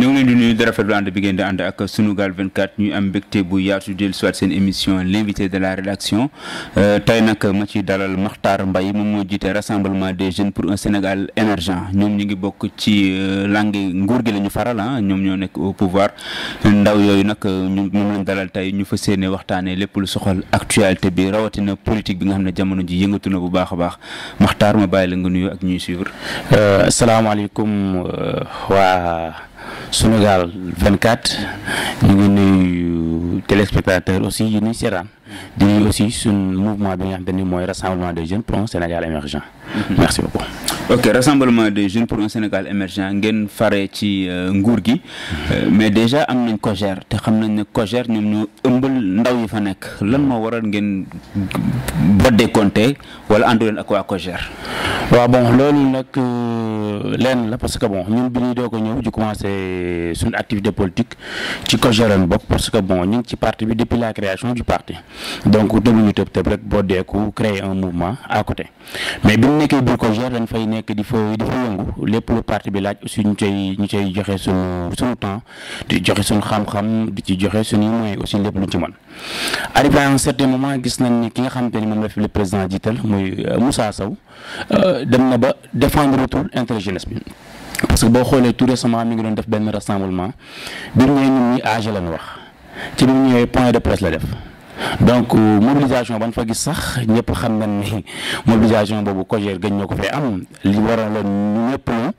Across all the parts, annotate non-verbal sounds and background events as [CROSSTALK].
ñoo ngi leen di nuyu di rafetlu ànd bi ngeen di ànd ak Sunugal 24 ñuy am mbégte bu yaatu dellu si waat seen émission l'invité de la rédaction euh, tey nag ma ci dalal Makhtar Mbaye moom moo jiite rassemblement des jeunes pour un Sénégal émergent ñoom ñu ngi bokk ci euh, langue nguur gi la ñu faral ah ñoom ñoo nekk au pouvoir ndaw yooyu nag euh, ñu moom lañ dalal tey ñu fas yéene waxtaanee lépp lu soxal actualité bi rawatina politique bi nga xam ne jamono ji yëngatu na bu baax a baax Makhtar ma bàyyi la nga nuyu ak ñuy suivre. asalaamaaleykum waa. vingt 24 ñu ngi nuyu téléspectateur aussi yu ñuy seetaan di nuyu aussi suñ mouvement bi nga xamante ni mooy rassemblement des jeunes pour un Sénégal émergent. Mhm. merci beaucoup. ok pour Sénégal émergent ngeen fare ci euh, nguur gi mhm. euh, mais déjà am nañ COJER te xam nañ ne COJER ñoom ñoo ëmbal ndaw yi fa nekk lan moo waral ngeen boddee compté wala àndu leen ak waa COJER. waaw bon loolu nag euh, lenn la parce que bon ñun bi ñuy doo ko ñëw di commencé euh, suñu activité politique ci COJER lañ bokk parce que bon ñu ci parti bi depuis la création du parti donc dégluñu tëb tëb rek boo deeku créer un mouvement à côté mais bi ñu nekkee biir COJER fay nekk di fa di fa lépp lu parti bi laaj aussi ñu cay ñu cay joxe suñu suñu temps di joxe suñu xam-xam di ci joxe suñu moyens aussi lépp lu ci man arrivé à un certain moment gis nañ ni ki nga xamante ni moom la fi président jiital muy euh, Moussa Sow Euh, dem na ba défendre tout intérêt jeunesse bi parce que boo xoolee tout récemment mi ngi doon def benn rassemblement bi mu ñëwee ñun ñi âgé lañ wax ci bi mu ñëwee point de presse la def donc euh, mobilisation ban fa gis sax ñëpp xam nañ ni [LAUGHS] mobilisation boobu COJER gëj na ko fee am li waraloon ñëpp ñu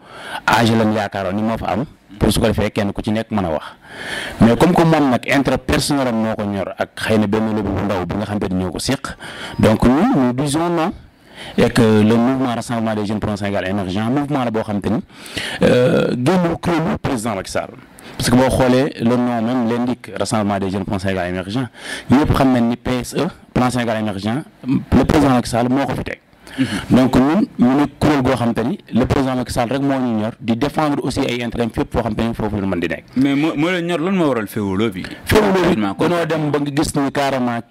âgé lañ yaakaaroon ni moo fa am. pour su ko defee kenn ku ci nekk mën a wax mais comme que moom nag interpersonnel am moo ko ñor ak xëy na benn lobby bu ndaw bi nga xam ne ñoo ko séq et que le mouvement rassemblement des jeunes pour un Sénégal émergent mouvement la boo xam te ni euh, génn kuréelu président Macky Sall parce que boo xoolee le nom même l'indique rassemblement des jeunes pour Sénégal émergent ñëpp xam nañ ni PSE plan Sénégal émergent mm-hmm. le président Macky Sall rek moo ñu ñor di défendre aussi ay intérêt fépp foo xam te ni foofu la mën di nekk. mais moo leen ñor lan moo waral féewuloo bi. féewuloo bi dañoo dem ba nga gis ni carrément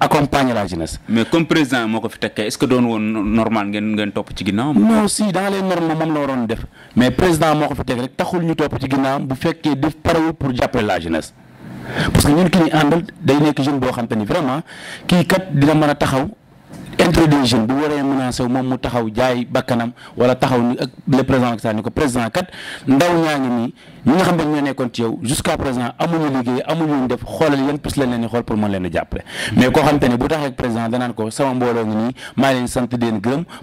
accompagner la jeunesse. mais comme président moo ko fi tekkee est ce que doon woon normal ngeen ngeen topp ci ginnaaw. non si dans les normes moom la waroon def mais président moo ko fi teg rek taxul ñu topp ci ginnaawam bu fekkee def parewul pour jàppale la jeunesse parce que ñun ki ñu àndal day nekk jeune boo xam te ni vraiment kii kat dina mën a taxaw. intérêt des jeunes bu waree menacé moom mu taxaw jaay bakkanam wala taxaw ni ak le président ak ko président kat ndaw ñaa ngi nii ñi nga xam ne ñoo nekkoon ci yow jusqu'à présent amuñu liggéey amuñu def xoolal yan pis lañ leen di pour mën leen di jàppale mm-hmm. mais koo xam te ne bu taxee président danaan ko leen sant di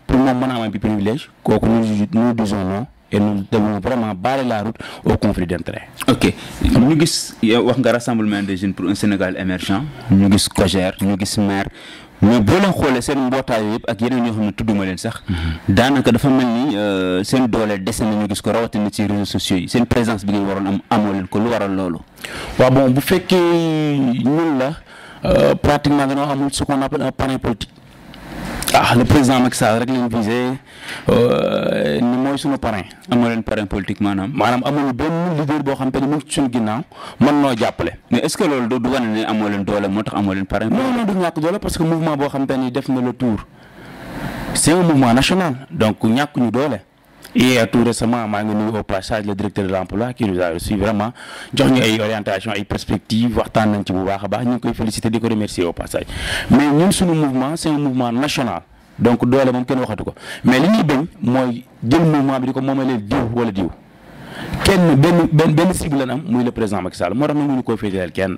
pour moom mën a am bi privilège kooku nous nous disons non et nous devons vraiment barrer la route au conflit d'intérêts. ok ñu gis wax nga rassemblement des jeunes pour un Sénégal émergent ñu gis COJER ñu gis maire mais boo leen xoolee seen mbootaayu yëpp ak yeneen yoo xam ne tudduma leen sax daanaka dafa mel ni euh, seen doole dese na ñu gis ko rawatina ci réseaux sociaux yi seen présence bi ngeen waroon am amoo ko lu waral loolu. waaw boo bu fekkee ñun la euh, pratiquement dañoo amul ce qu'on appelle un parrain politique. ah le président Macky Sall rek lañ visé euh, ni mooy suñu parrain amoo leen parrain politique maanaam maanaam amul benn leader boo xam te ni mu ngi ci suñu mën noo jàppale mais est ce que loolu du du wane ne amoo leen doole moo tax amoo leen parrain non non du ñàkk doole parce que mouvement boo xam te ni na le tour c'est un mouvement national donc ñàkk ñu doole et euh, tout récemment maa ngi nuyu au passage le directeur de l'emploi qui nous a reçu vraiment jox ñu ay orientation ay perspectives waxtaan nañ ci bu baax a baax ñu ngi koy féliciter di ko remercier au passage mais ñun suñu mouvement c'est un mouvement national donc doole moom kenn waxatu ko mais li ñuy bañ mooy jël mouvement bi di ko moomalee diw wala diw kenn benn benn benn cible lañ am muy le président Macky moo tax ñu ngi ko féetaleel kenn.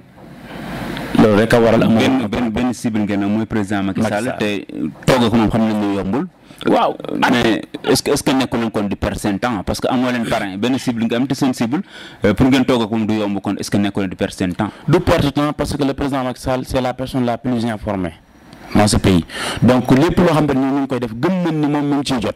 loolu rek a waral amul benn benn ngeen am président Macky Sall te toog ak moom xam yombul. waaw mais est est-ce que nekku leen kon di perdre seen parce que amoo leen parrain benn cible nga am te seen euh, pour ngeen toog ak du yomb kon est-ce que nekku leen di perdre seen du perdre temps parce que le président Macky Sall c'est la personne la plus informée dans ce pays donc lépp loo xam ne ñoom ñu koy def gëm nañ ni moom mi ngi jot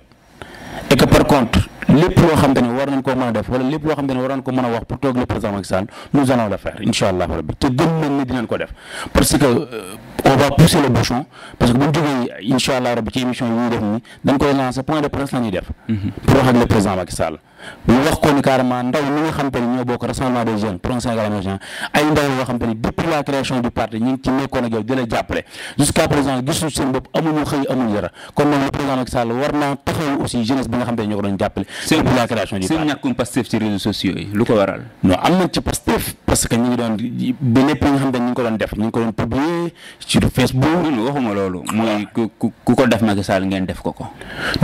et par contre. lépp loo xam te ne war nañ def wala lépp xam te ne ko mën wax pour toog le président Macky Sall nous allons le faire incha allah rabbi te gëm nañ ne ko def parce que euh, on va pousser le bouchon parce que bu ñu jógee incha allah rabbi ci émission yi def nii dañ koy lancer point de presse la ñuy def. Mhm. pour wax ak le président Macky Sall. mu wax ko ni carrément ndaw ñi nga xam te ñoo bokk rassemblement des jeunes pour un Sénégal émergent ay ndaw yoo xam te ne depuis la création du parti ñu ngi ci nekkoon ak yow di la jàppale jusqu'à présent gisuñu seen bopp amuñu xëy amuñu dara kon nag le président Macky Sall war naa aussi jeunesse bi nga xam te ne ñoo ko doon jàppale depuis la création du parti seen ñàkkum Pastef ci réseaux sociaux yi lu ko waral non am ci Pastef parce que ñu ngi doon ba lépp nga xam ne ñu ngi ko doon def ñu ngi ko doon publier sur Facebook. waxuma loolu mooy ku ku ko def Macky Sall ngeen def ko ko.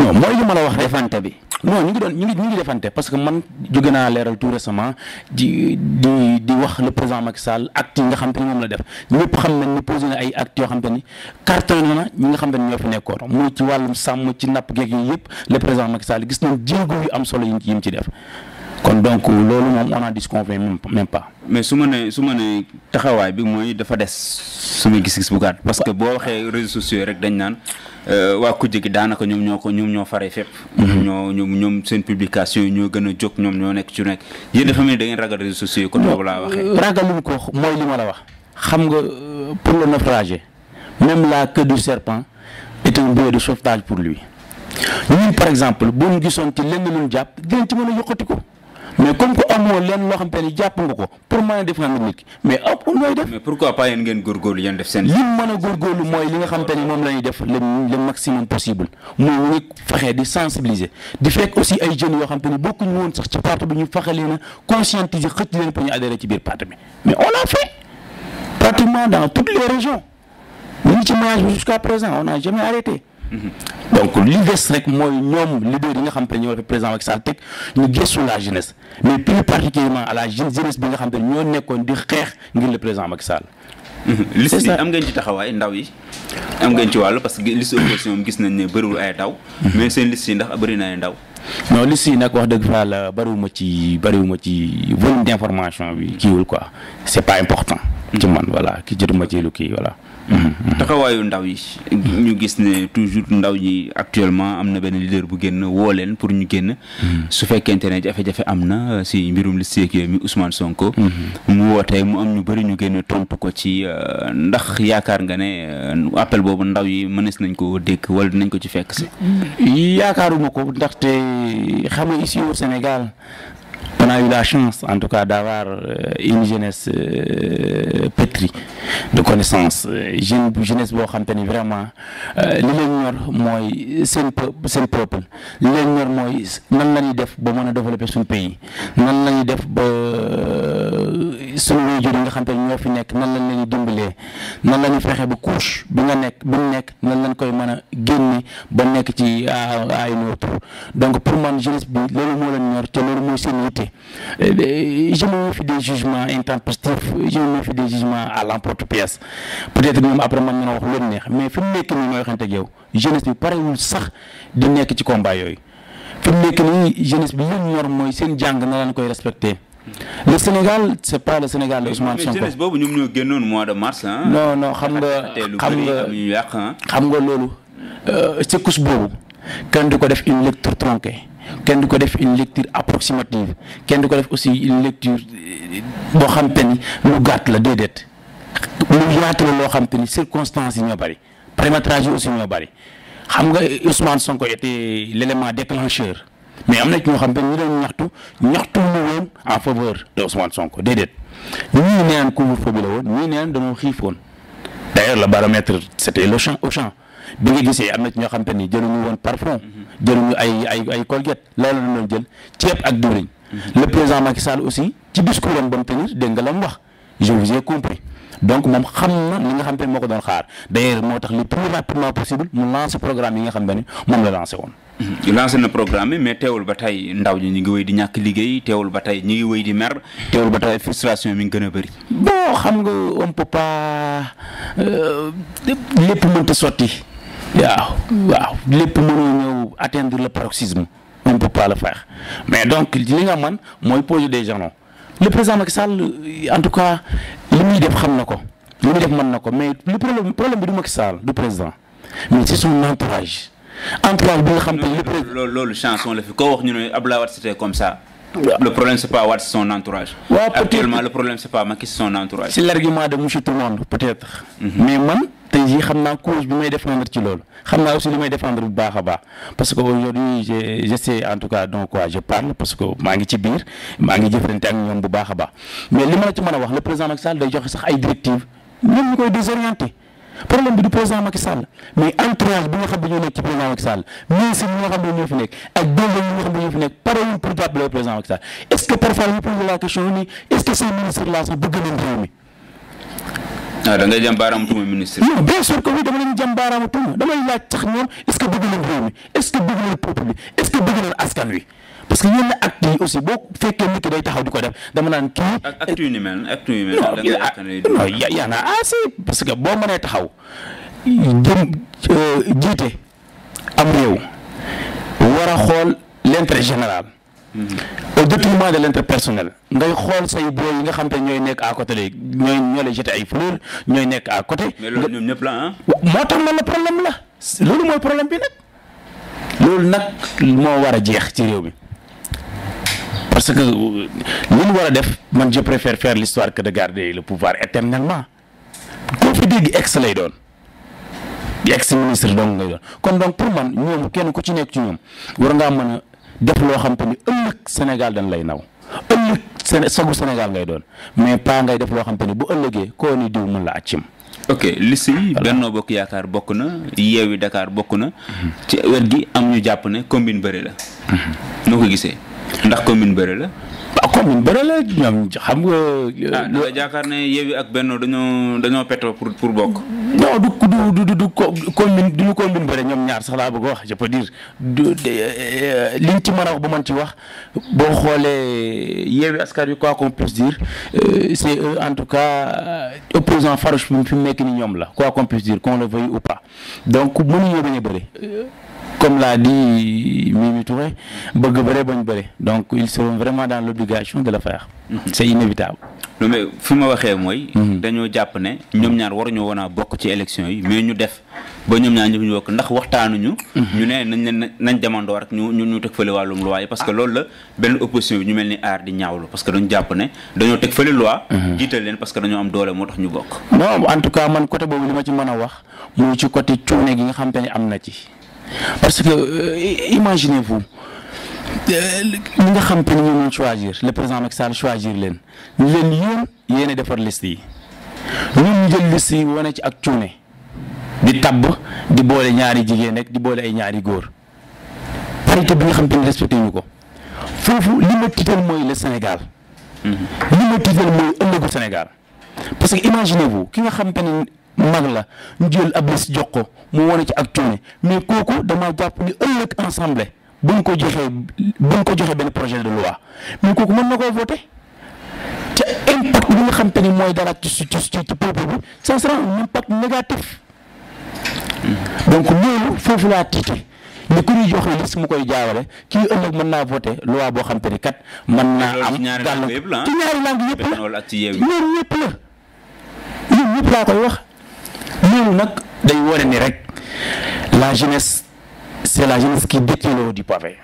non mooy li ma wax defante bi. non ñu ngi doon ñu parce que man jóge naa leeral tout récemment di di di wax le président Macky Sall acte yi nga xam te ne moom la def ñëpp xam nañ ne posé na ay actes yoo xam te ni carton na ñu nga xam te ne ñoo fi nekkoon muy ci wàllum sàmm ci napp geeg yooyu yëpp le président Macky Sall gis nañ jéego yi am solo yi mu ci def. kon donc loolu moom on en disconvient même pas. mais su ma nee su ma nee taxawaay bi mooy dafa des suma gis-gis bu gàtt parce que boo waxee réseaux sociaux rek dañ naan euh, waa kujje gi daanaka ñoom ñoo ko ñoom ñoo faree fépp. Mhm. ñoo ñoom ñoom seen publication yi ñoo gën a jóg ñoom ñoo nekk ci nekk yéen dafa mel ni da ngeen ragal réseaux sociaux yi kon boobu laa waxee. Euh, ragaluñ ko mooy li ma la wax xam nga euh, pour le naufragé même la queue du serpent est un bouée de sauvetage pour lui ñun par exemple bu ñu gisoon ci lenn lu ñu jàpp dinañ ci mën a yokkati ko. mais comme que amoo leen loo xam te ni jàpp nga ko pour mën a défendre nit ki mais ëpp looy def. def seen. li mu mën a góorgóorlu mooy li te ni moom la def le maximum possible muy wéy fexe di sensibiliser di fekk aussi ay jeunes yoo xam te ni bokkuñu woon sax ci parti bi ñu fexe leen conscientiser xëcc leen pour ñu adhéré ci biir parti bi mais on l'a fait pratiquement dans toutes les régions ñu ci maillage jusqu'à présent on n'a jamais arrêté. Mhm. donc li des rek mooy ñoom leader yi nga xam te ne ñoo représenté Macky Sall teg ñu gëstu la jeunesse mais plus particulièrement à la jeunesse bi nga xam ne ñoo nekkoon di xeex ngir le président Macky Sall. Mhm. liste bi am ngeen ci taxawaay ndaw yi am ngeen ci wàllu parce que liste opposition gis nañ ne bëriwul ay ndaw. Mhm. mais seen liste yi ndax bëri na ay ndaw. non yi nag wax dëgg fa la bëriwuma ci bariwuma ci volume d' information bi kiiwul quoi c' est pas important. ci man voilà ki jotuma ci lu kii voilà. taxawaayu ndaw yi. ñu gis ne toujours ndaw yi actuellement am na benn leader bu génn woo leen pour ñu génn. su fekkente ne jafe-jafe am na euh, si mbirum liste yeeg yooyu mi Ousmane Sonko. Mhm. mu wootee mu am ñu bëri ñu génn tontu ko ci euh, ndax yaakaar nga ne euh, appel boobu ndaw yi mënees nañ ko dégg wala dinañ ko ci fekk si. yaakaaruma ko ndaxte xam nga ici au Sénégal. panaa a la chance en tout cas d'avoir euh, une jeunesse euh, pétrie de connaissances euh, jeune jeunesse boo xam ni vraiment li leen ñor mooy seen seen peuple li leen ñor mooy nan la ñuy def ba mën a développer suñu pays nan la ñuy def ba suñu waajur nga xam te ni ñoo fi nekk nan lañ leen dimbalee nan la ñuy fexe ba couche bi nga nekk bi mu nekk nan lañ koy mën a génne ba nekk ci ay nootu donc pour man jeunesse bi loolu moo leen ñor te loolu mooy seen Euh, je me méfie des jugements intempestifs je me méfie des jugements à l'emporte-pièce peut-être ñoom après man na wax lu neex mais fi mu nekk nii mooy waxante ak yow jeunesse bi parewul sax di nekk ci combat yooyu fi mu nekk nii jeunesse bi li ñor mooy seen jàng na leen koy respecté. le Sénégal c' pas le Sénégal de Ousmane Sonko. mais jeunesse boobu ñoom ñoo génnoon mois de mars ah. non non xam nga xam nga xam nga loolu. Euh, secousse boobu kenn du ko def une lecture kenn du ko def une lecture approximative kenn du ko def aussi une lecture euh, boo xam te ni lu gàtt la déedéet lu yaatu loo xam te ni circonstances yi ñoo bari paramétrage yi aussi ñoo bari xam nga euh, Ousmane Sonko était l'élément déclencheur mais am na ci ñoo xam te ñu doon ñaxtu ñaxtu lu woon en faveur de Ousmane Sonko déedéet ñii neen couvre-feu bi la woon ñii neen dañoo xiifoon d'ailleurs le baromètre c'était le champ au champ bi nga gisee am na ci ñoo xamante ni jëluñu woon parfum mhm. jëluñu ay ay ay colgate loolu la doon jël ceeb ak diwriñ mhm. le président Macky Sall aussi ci discours am ba mu tenir dégg nga lam mu wax je vous ai compris donc moom xam na li nga xam te moo ko doon xaar d'ailleurs moo tax le plus rapidement possible mu lancé programme yi nga xam ne moom la lancé woon. Mmh. lancé na programme bi mais teewul ba tey ndaw ñi ñu ngi wéy di ñàkk liggéey teewul ba tey ñu ngi wéy di mer teewul ba tey frustration mi ngi gën a bëri. bon xam nga on peut pas euh, lépp mënta sotti. waaw waaw lépp mënoo attendre atteindre le paroxysme on peut pas le mais donc li nga man mooy poser des jalons. le président Macky Sall en tout cas li muy def xam na ko li muy def mën na ko mais le problème problème bi du Macky Sall du président mais c'est son entourage entourage bi nga xam te loolu loolu wax ñu ne Abdoulaye Wade c'était comme ça le problème c'est pas Wade c'est son entourage actuellement le problème c'est pas Macky son entourage c'est l'argument de monsieur tout le monde peut-être mhm. mais man te jii xam naa cause bi may défendre ci loolu xam naa aussi li may défendre bu baax a baax parce que aujourd'hui je je sais en tout cas donc quoi je parle parce que maa ngi ci biir maa ngi jëflante ak ñoom bu baax a baax mais li ma la ci mën a wax le président Macky Sall day joxe sax ay directives ñoom ñu koy désorienté problème bi du président Macky Sall mais entourage bi xam ne ñoo fi nekk ak délégué yi nga xam ne ñoo fi nekk pare wuñ pour jàppale président Macky Sall est est-ce que ces ah da ngay jëm baaraamu tuuma ministre non bien sûr que oui dama leen jëm baaraamu tuuma damay laaj sax ñoom est ce que bëgg nañ réew mi est ce que bëgg nañ peuple bi est ce que bëgg nañ askan wi parce que yenn actes yi aussi boo fekkee nit ki day taxaw di ko def dama naan kii. ak actes yu ni mel actes yu mel. da ngay yaa naa assez parce que boo mënee taxaw euh, jiite am réew war a xool l' intérêt général. au détriment de l'interpersonnel ngay xool say booy yi nga xam te ñooy nekk à côté léegi ñooy ñoo lay jeté ay fleur ñooy nekk à côté. mais loolu ñoom ñëpp la ah. moo tax man la problème la loolu mooy problème bi nag loolu nag moo war a jeex ci réew mi parce que euh, li war a def man je préfère faire l'histoire que de garder le pouvoir éternellement koo fi dégg ex lay doon. ex ministre donc ngay doon kon donc pour man ñoom kenn ku ci nekk ci ñoom war ngaa mën def loo xam te ni ëllëg Sénégal dañ lay naw ëllëg Séné sagu Sénégal ngay doon mais pas ngay def loo xam te ni bu ëllëgee koo ni diw mun la accim. ok liste yi Benno Bokk Yaakaar bokk na Yewwi Dakar bokk na ci wet gi am ñu jàpp ne combine bëri la. Mhm. noo ko gisee ndax combine bëri la. waaw kon ñun benn la ñoom xam nga. ah da jaakaar ne Yewwi ak Benno dañoo dañoo petoo pour pour bokk. du du du ko combine du ñu combine bëre ñoom ñaar sax laa bëgg wax je peux dire du euh, liñ ci mën a wax ba man ci wax boo xoolee Yewwi Askan Wi quoi qu'on puisse dire euh, c'est eux en tout cas euh, opposant farouche bi fi mu nekk ni ñoom la quoi qu'on puisse dire qu'on le veuille ou pas donc mënuñoo bañ a bëre. comme l'a ba ñu Touré, donc ils seront vraiment dans l'obligation de le faire. Mhm. C'est inévitable. mais fi ma waxee mooy. Mhm. dañoo jàpp ne ñoom ñaar war woon a bokk ci élection yi mais ñu def ba ñoom ñaar ñëpp ñu bokk mhm. ñu ne nañ leen nañ demandoo rek ñu ñu ñu teg fële wàllum loi yi parce que ah. loolu la benn opposition bi ñu mel ni aar di ñaawlu parce que dañu jàpp ne dañoo teg fële loi. jiital leen parce que dañoo am doole moo tax ñu bokk. non en tout cas man côté boobu li ma a wax mooy ne am na ci. parce que euh, imaginez-vous euh, ñi nga xam te ni ñoom choisir le président Macky Sall choisir leen ñu leen yéen yéen a defar liste yi ñun ñu jël liste wane ci ak cuune di tabb di boole ñaari jigéen rek di boole ay ñaari góor parité bi nga xam te ni respecté ñu ko foofu li ma mooy le Sénégal. Mhm. li ma mooy ëllëgu Sénégal parce que imaginez-vous ki nga xam te mag la ñu jël ab liste jox ko mu wone ci ak cuune mais kooku dama jàpp ni ëllëg ensemble buñ ko joxee ko joxee benn projet de loi mais kooku mën na koo voté ca nga xam ni mooy dara ci ci bi ça sera un impact négatif donc loolu foofu laa tiite ni ku ñuy mu koy jaawale kii ëllëg mën naa voté loi boo xam te ni kat mën naa am ñaari langue yëpp la ñoom ñëpp la ñoom ñëpp laa koy wax loolu nag day wone nii rek la jeunesse c'est la jeunesse qui détient le haut du pavé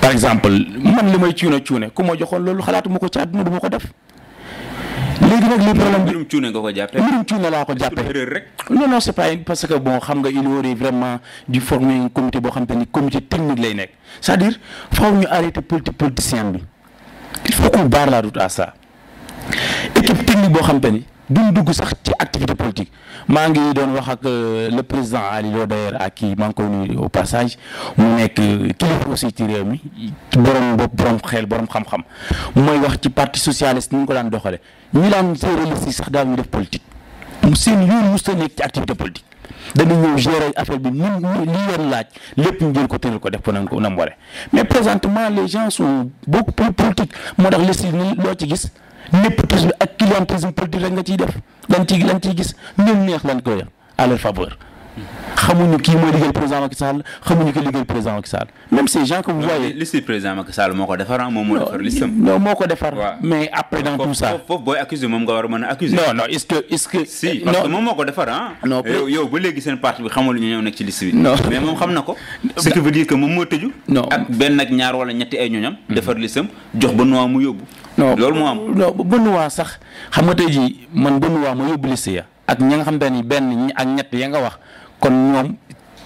par exemple man li may cuune cuune ku ma joxoon loolu xalaatuma ko ci àdduna du ma ko def léegi nag li problème bi mbirum nga ko jàppee mbirum cuune laa ko jàppee rek non pas parce que bon xam nga il aurait vraiment di former comité boo xam te ni comité technique lay nekk c'est-à-dire ñu arrêter politique politicien bi il faut qu'on barre la route à ça équipe technique boo xam te ni duñ dugg sax ci activité politique maa ngi doon wax ak euh, le président Ali Lo de ak kii maa ngi koy nuyu passage mu nekk kilifa aussi ci réew mi ci borom bopp borom xel borom xam-xam mooy wax ci parti socialiste ni ñu ko daan doxale ñi daan séeréer si sax daaw ñu def politique seen yoon mosut a nekk ci activité politique. dañu ñëw gérer affaire bi ni li laaj lépp ñu jël ko tëral ko def ko nan ko nam waree mais présentement les gens sont beaucoup plus moo tax liste yi loo ci gis népotisme ak clientélisme politique rek nga ciy def lan ciy lan ciy gis ñoom neex lan koy à leur faveur xamuñu kii mooy liggéeyal président Macky Sall xamuñu ko liggéeyal président Macky Sall même ces gens que vous voyez. liste président Macky Sall moo ko defar ah moom moo defar liste am. non moo ko defar. mais après dans tout ça. moom a moo ko defar ah. non xam na ak ñaar wala ñetti ay ñoñam. Mm-hmm. defar liste jox ba noa mu yóbbu. loolu moo am non bënnuwaa sax xam nga tey jii man bënnuwaa ma yóbbu liste ya ak ñi nga xam te ni benn ak ñett ya nga wax kon ñoom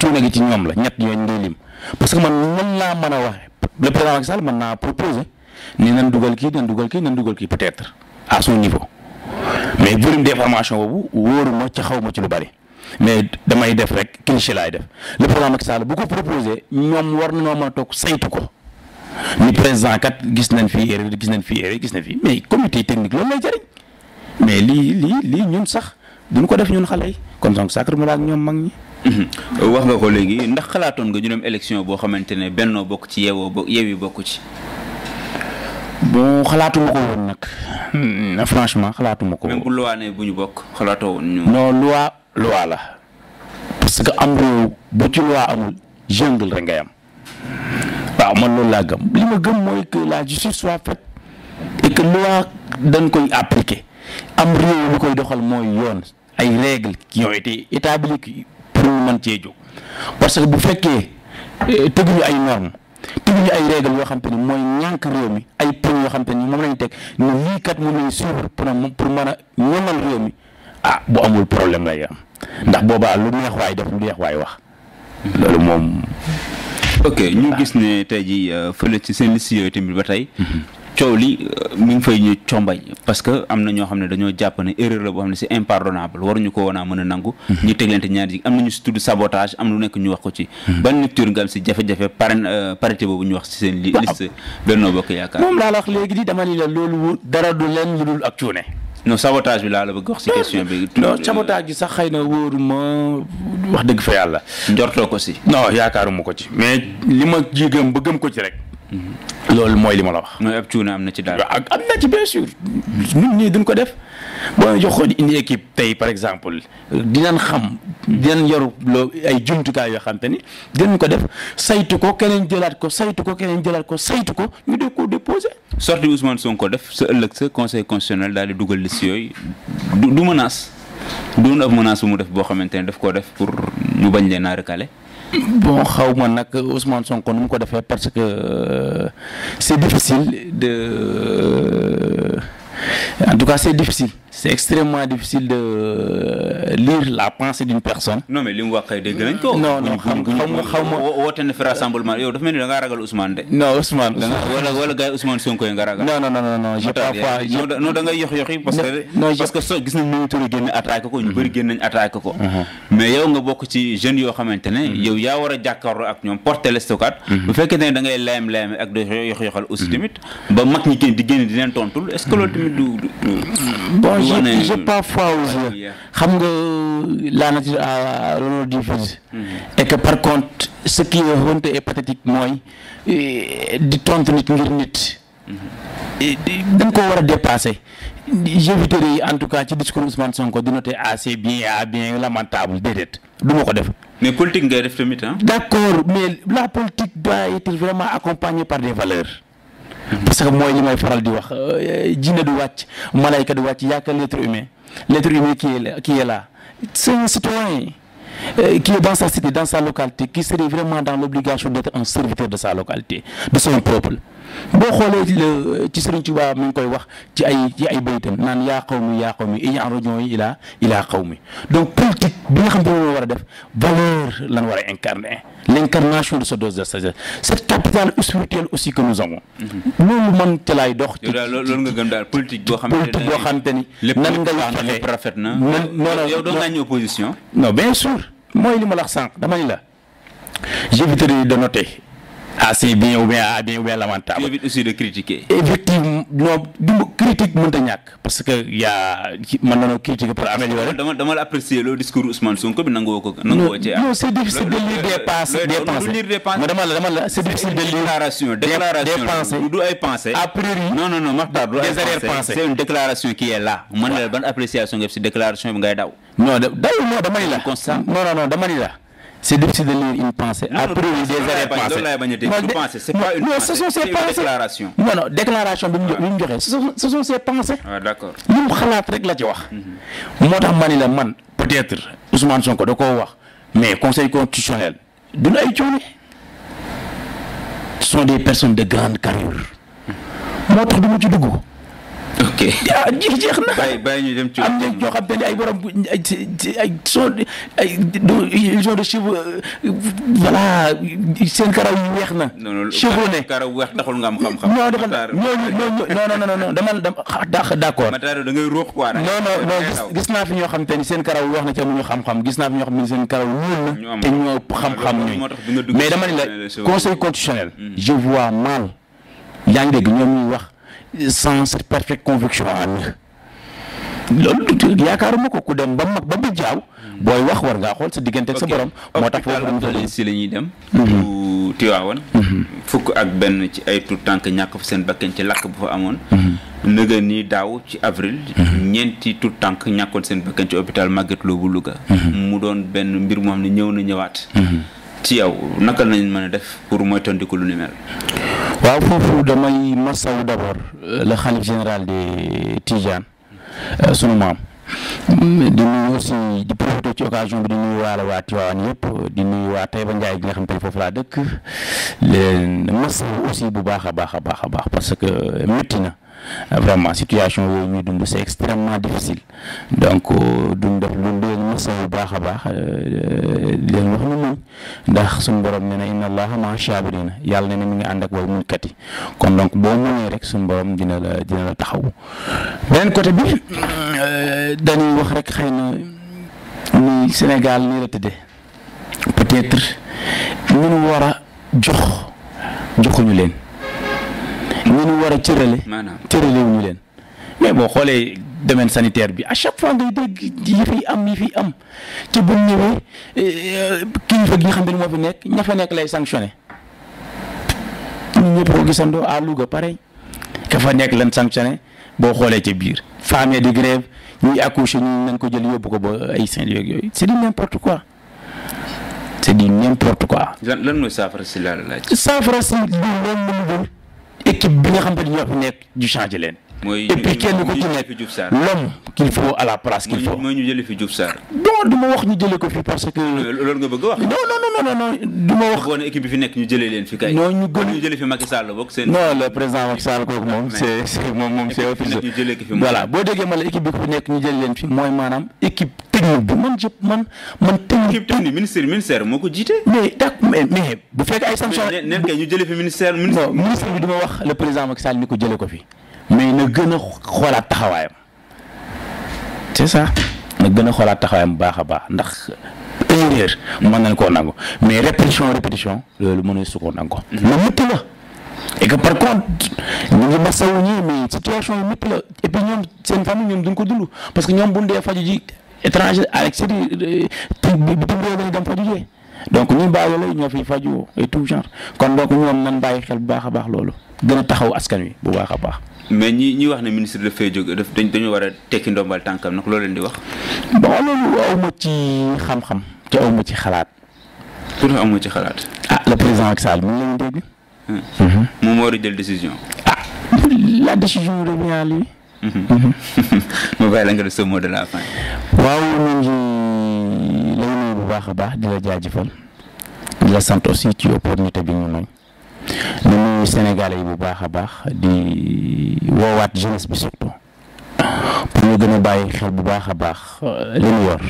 cuune gi ci ñoom la ñett yooyu ngay lim parce que man man laa mën a wax le président Macky Sall mën naa proposer ni nan dugal kii nan dugal kii nan dugal kii peut-être à son niveau mais volume d'information boobu wóoruma ci xaw ma ci lu bari mais damay def rek cliché laay def le président Macky Sall bu ko proposé ñoom war nañoo mën a toog saytu ko ni président kat gis nañ fii erreur gis nañ fii erreur gis nañ fii mais comité technique loolu lay jëriñ mais lii lii lii ñun sax. duñ ko def ñun xale yi kon donc sacre mu la ak ñoom mag ñi. Mm-hmm. wax nga ko léegi ndax xalaatoon nga ñu dem élection boo xamante ne bennoo bokk ci yeewoo bo yeewi bokk ci. bon xalaatuma ko woon nag mm-hmm. franchement xalaatuma ko. bu ñu bokk xalaatoo woon ñu. non loi la. parce que am réew bu ci loi amul jungle rek ngay am. waaw man loolu laa gëm li ma gëm mooy que la justice soit faite et que dañ koy appliquer. am réew lu koy doxal mooy yoon ay règles qui ont été établies pour ñu man cee jóg parce que bu fekkee euh, tëgguñu ay normes tëgguñu ay règles yoo xam te ni mooy ñànk réew mi ay poñ yoo xam te ni moom lañ teg ne lii kat moom pour pour a ñoŋal réew mi ah bu amul problème lay am ndax boobaa lu neex waay def lu neex waay wax loolu moom. ok ñu gis ne tey jii euh, fële ci seen yooyu tamit ba tey. Mm-hmm. coow li euh, mi fay ñu combay parce que am na ñoo xam ne dañoo jàpp ne erreur la boo xam ne c'est impardonnable waruñu ko woon a mën a nangu mhm. ñu teglante ñaari jig am nañu si tudd sabotage am lu nekk ñu wax ko ci mhm. si jafe-jafe parrain euh, boobu ñu wax si seen liste Benno Bokk Yaakaar moom wax léegi ni la loolu dara du leen lu dul ak cuune non sabotage bi laa la bëgg wax si question bi non sabotage bi sax xëy na wóoruma wax dëgg fa yàlla njortoo ko si non yaakaaruma ko ci mais li ma ji gëm ko ci rek loolu mooy li ma la wax. mooy ab cuuna am na ci daal. ak am na ci bien sûr. ñun ñii duñ ko def boo joxoon une équipe tey par exemple dinañ xam dinañ yor loo ay jumtukaay yoo xam te ni dinañ ko def saytu ko keneen jëlaat ko saytu ko keneen jëlaat ko saytu ko ñu def ko déposé. sorti Ousmane Sonko def sa ëllëg sa conseil constitutionnel daal di dugal liste yooyu du du menace doon ab menace bu mu def boo xamante ne daf koo def pour ñu bañ leen a recalé. bon xawma ma nag Ousmane Sonko nu ko defee parce que euh, c'est difficile de euh, en tout cas c'est difficile. c'est extrêmement difficile de euh, lire la pensée d'une personne. non mais li mu wax ko. non xam nga xam nga woote na fi yow dafa mel ni da ragal Ousmane de. non Ousmane. yox yoxi parce que. gis nañ Mimi Touré génn attaqué ko ñu bëri mhm. génn nañ attaqué ko. Mhm. mais yow nga bokk ci jeunes yoo xamante ne. Mhm. yow yaa war a jàkkaarloo ak ñoom porter l'estocade. bu fekkee ne da layam layam ak de yox yoxal aussi tamit ba mag ñi génn di génn di leen tontul je, je parfois aussi. xam nga euh, la nature a l'honneur du fils. et que par contre ce qui est honteux et pathétique mooy euh, di tontu nit ngir nit. Mm-hmm. dañ ko war a dépassé j'éviterai yi en tout cas ci discours Ousmane Sonko di noter assez ah, bien à ah, bien lamentable déedéet du ma ko def. mais politique ngay def tamit ah. d' mais la politique doit être vraiment accompagnée par des valeurs. parce que mooy li may faral di wax euh, jinne du wàcc malayka du wàcc yaaka l'être humain l'être humain qui est là qui est là c'est un citoyen euh, qui est dans sa cité dans sa localité qui serait vraiment dans l'obligation d'être un serviteur de sa localité de son peuple boo xoolee euh, ci Sëriñ Tuubaa mi ngi koy wax ci ay ci ay baytam naan yaa qawmi yaa qawmi ij'alunii yi ilaa ilaa qawmi donc politique bi nga xam ne war a def valeur lan war a incarner l'incarnation de sa dose de sagesse cette capitale spirituelle aussi que nous avons. Mm-hmm. loolu man ca laay dox. ci loolu nga gëm daal politique boo. xamante ni nan nga ñu lépp rafet na yow doon naa ñu opposition. non bien sûr mooy li ma la wax sànq dama ni la j'éviterai de noter assez bien ou bien à ah, bien ou bien lamentable. Tu évites aussi de parce que yaa mën nañoo critiquer pour améliorer. dama la apprécier le discours Ousmane Sonko bi nangoo ko nangoo cee. non c'est difficile de lire des pensées des pensées. ma dama la dama la c'est difficile de lire. déclaration déclaration du ay pensées. a priori non non non Makhtar du ay pensées c'est une déclaration qui est là. de la. c'est difficile de lire une pensée. à priori des arrêts pensées. non ce sont ses pensées déclaration. bi mu joxe ce sont ses pensées. Ah, mu xalaat rek ci wax. Mhm. moo tax ma ni la man peut-être Ousmane Sonko da koo wax mais conseil constitutionnel duñu ay coono. ce sont des personnes de grande carrure. moo tax du ma ci dugg. ok ah [LAUGHS] jeex jeex na. bàyyi bàyyi ñu dem ci am na ñoo xam te ne ay borom ay ay son ay ils ont des cheveux euh, voilà seen karaw yu weex na. chevronné karaw weex taxul nga am xam-xam. non non non non dama la ah, d' accord. Matar da ngay ruux quoi. non non non gis naa fi ñoo xam te ni seen karaw weex na ci amuñu xam-xam gis naa fi ñoo xam ne seen karaw ñuul na. te ñoo xam-xam ñu mais dama ne la conseil constitutionnel. Hmm. je vois mal. yaa ngi dégg ñoom ñuy wax. sans cette parfaite conviction am loolu yaakaaruma ko ku dem ba mag ba mu jaaw booy wax war ngaa xool sa diggante sa borom. moo tax foofu si la ñuy dem. Mhm. du Tiwaawan. Mhm. fukk ak benn ci ay tout tànk ñàkk fa seen bakkan ci lakk bu fa amoon. Mhm. nëga ni daaw ci avril. ñeenti tout tànk ñàkkoon seen bakkan ci hôpital Magatte Lô bu Louga. mu doon benn mbir moo xam ne ñëw na ñëwaat. ci yow naka lañ mën def pour moytandiku lu ni mel. waaw foofu damay masawu d'abord euh, le xalif général de Tijane euh, sunu maam mm, di nuyu aussi di profité ci occasion bi di nuyu waa la waa Tivaouane yëpp di nuyu waa Taïba gi nga xam te foofu laa dëkk leen masawu aussi bu baax a baax a baax baax parce que euh, métti na. vraiment situation yooyu ñuy dund c'est extrêmement difficile donc euh, duñ def lu leen masa bu baax a baax euh, euh, di leen wax nu muñ ndax suñ borom ne na inna allaha maa yàlla ne na mi ngi ànd ak wal muñkat yi kon donc boo muñee rek suñ borom dina la dina la taxaw beneen côté bi dañuy wax rek xëy na ni Sénégal nii la tëddee peut-être ñun war a jox joxuñu leen ñu nu war a cërale. maanaam cërale wu ñu leen. mais boo xoolee domaine sanitaire bi à chaque fois ngay dégg yi fi am yi fi am ci bu ñëwee euh, kilifa gi nga xam ne moo fi nekk ña fa nekk lay sanctionné ñun ñëpp ko gisandoo à Louga pare ka fa nekk lan sanctionné boo xoolee ci biir femmes di grève ñuy accoucher ñu nañ ko jël yóbbu ko ba ay saint yeeg yooyu c'est du n'importe quoi c'est du n'importe quoi. lan saafara si laal laaj. saafara si équipe bi nga xam ne ñoo fi nekk ñu changé leen. mooy et puis kenn ku faut à la place qu'il faut. mooy du ma wax ñu jëlee ko fi parce que. loolu nga bëgg a wax. non non non non non du ma wax. woon équipe bi fi nekk le président Macky Sall kooku c'est moom moom voilà boo déggee ma la équipe bi ku fi nekk ñu équipe. technique bi man jëpp man man. technique technique ministère ministère moo ko jiite. mais dak mais bu fekkee ay sanctions. mais kay fi ministère ministère. non duma wax le président Macky ko jëlee ko fi. mais na gën a xoolaat taxawaayam. a xoolaat taxawaayam bu baax a baax ndax. erreur mën nañ ko nangu mais répétition répétition loolu ma su koo nangu mhm. lu métti la et que par contre ñu ngi masawu ñii mais situation yu métti la et puis ñoom seen famille ñoom duñ ko dund parce que ñoom bu ñu dee faju étranger avec seen i bitim réew lañ dem fa jugee donc ñun bàyyi lay ñoo fi faju et tout genre kon donc ñoom nan bàyyi xel bu baax a baax loolu gën a taxaw askan wi bu baax a baax. mais ñi ñi wax ne ministre dafay jóg daf dañ dañoo war a tekki ndombal tànkam nag loo leen di wax. bon loolu aw ma ci xam-xam ma ci xalaat. pour aw ma ci xalaat. ah le président Macky Sall mi ngi leen moom moo war a décision. ah la décision revient à ma mhm. [LAUGHS] bàyyi la nga def sa de la fin. waaw ñu ngi lay nuyu bu baax a baax di la jaajëfal di la sant aussi ci opportunité bi ñu may di nuyu Sénégalais yi bu baax a baax di woowaat jeunesse bi surtout pour ñu gën a bàyyi xel bu baax a baax euh, li ñu yor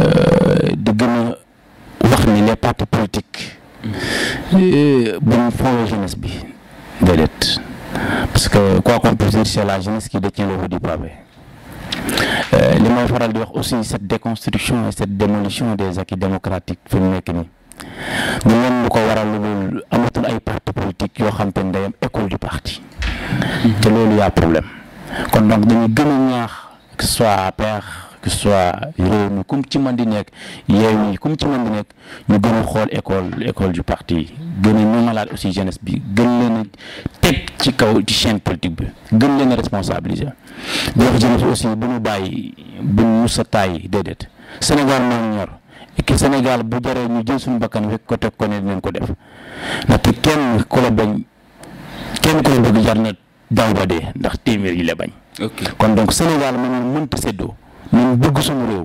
euh, di gën a wax ni les partis politiques euh, bu ñu foowee jeunesse bi déedéet. parce que quoi qu'on puisse la jeunesse qui détient le haut du pavé euh, li may faral di wax aussi cette déconstruction et cette démolition des acquis démocratiques fi mu nekk nii du leen lu ko waral lu dul amatul ay parti politique yoo xam te ne day am école du parti te loolu yaa problème kon donc dañuy gën a ñaax que ce soit APR que soit réew mi kum ci man di nekk yeew mi kum ci man di nekk ñu gën a xool école école du parti gën a ñu malaat aussi jeunesse bi teg ci kaw ci chaîne politique bi gën leen a responsabiliser di wax jeunesse aussi bu ñu bàyyi bu ñu mus a taay déedéet Sénégal moom ñor ki Sénégal bu jaree ñu jël suñu bakkan wekk ko teg ko ne dinañ ko def ndaxte kenn ku la kenn ku la bëgg jar na daaw ba ndax téeméer yi la bañ. kon donc Sénégal moom mënta séddoo ñun bëgg suñu réew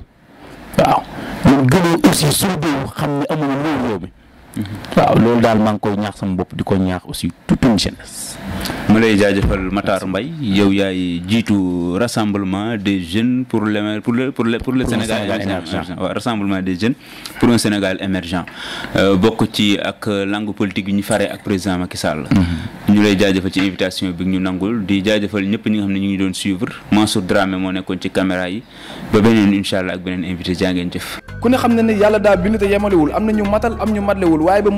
waaw ñun gënoo aussi suñu réew xam ne amuñu réew réew mi. waaw loolu daal maa ngi koy ñaax sama bopp di ko ñaax aussi toute une jeunesse. ma lay jaajëfal Matar Mbaye yow yaay jiitu rassemblement des jeunes pour le pour pour le pour le Sénégal émergent waaw rassemblement des jeunes pour un Sénégal émergent euh, bokk ci ak langue politique yi ñu fare ak président Macky Sall mhm. ñu lay jaajëfal ci invitation bi ñu nangul di jaajëfal ñëpp ñi nga xam ne ñu ngi doon suivre Mansour Dramé moo nekkoon ci caméra yi ba beneen incha allah ak beneen invité jaa jëf ku ne xam ne ne yàlla daa bind te yemalewul am na ñu matal am ñu matalewul waaye ba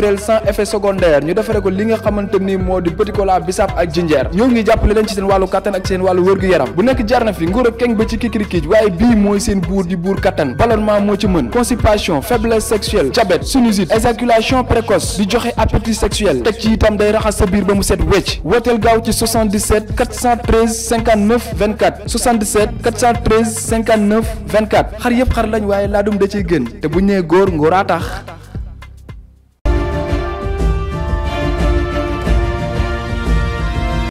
naturel sans effet secondaire ñu defare ko li nga xamante ni moo di petit cola bisaab ak jinjeer ñoo ngi jàppale leen ci seen wàllu kattan ak seen wàllu wërgu yaram bu nekk jarna fi nguur ak keng ba ci kikirikiij waaye bii mooy seen buur di buur kattan ballonnement moo ci mën constipation faiblesse sexuelle diabète sinusite éjaculation précoce di joxe appétit sexuel teg ci itam day raxas sa biir ba mu set wecc wooteel gaaw ci 77 413 59 24 77 413